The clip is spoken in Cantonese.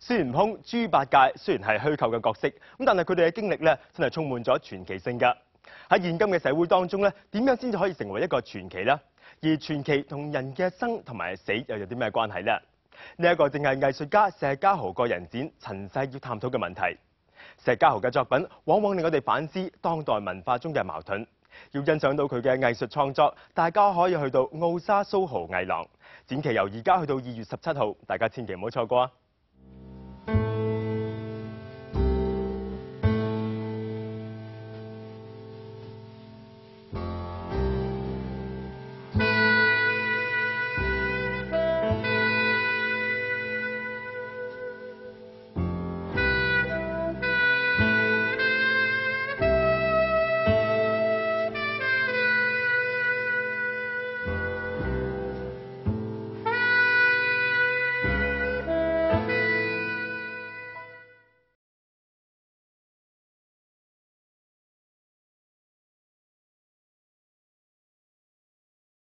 孫悟空、豬八戒雖然係虛構嘅角色，咁但係佢哋嘅經歷咧，真係充滿咗傳奇性噶。喺現今嘅社會當中咧，點樣先至可以成為一個傳奇咧？而傳奇同人嘅生同埋死又有啲咩關係咧？呢一個正係藝術家石家豪個人展陳世要探討嘅問題。石家豪嘅作品往往令我哋反思當代文化中嘅矛盾。要欣賞到佢嘅藝術創作，大家可以去到奧沙蘇豪藝廊，展期由而家去到二月十七號，大家千祈唔好錯過啊！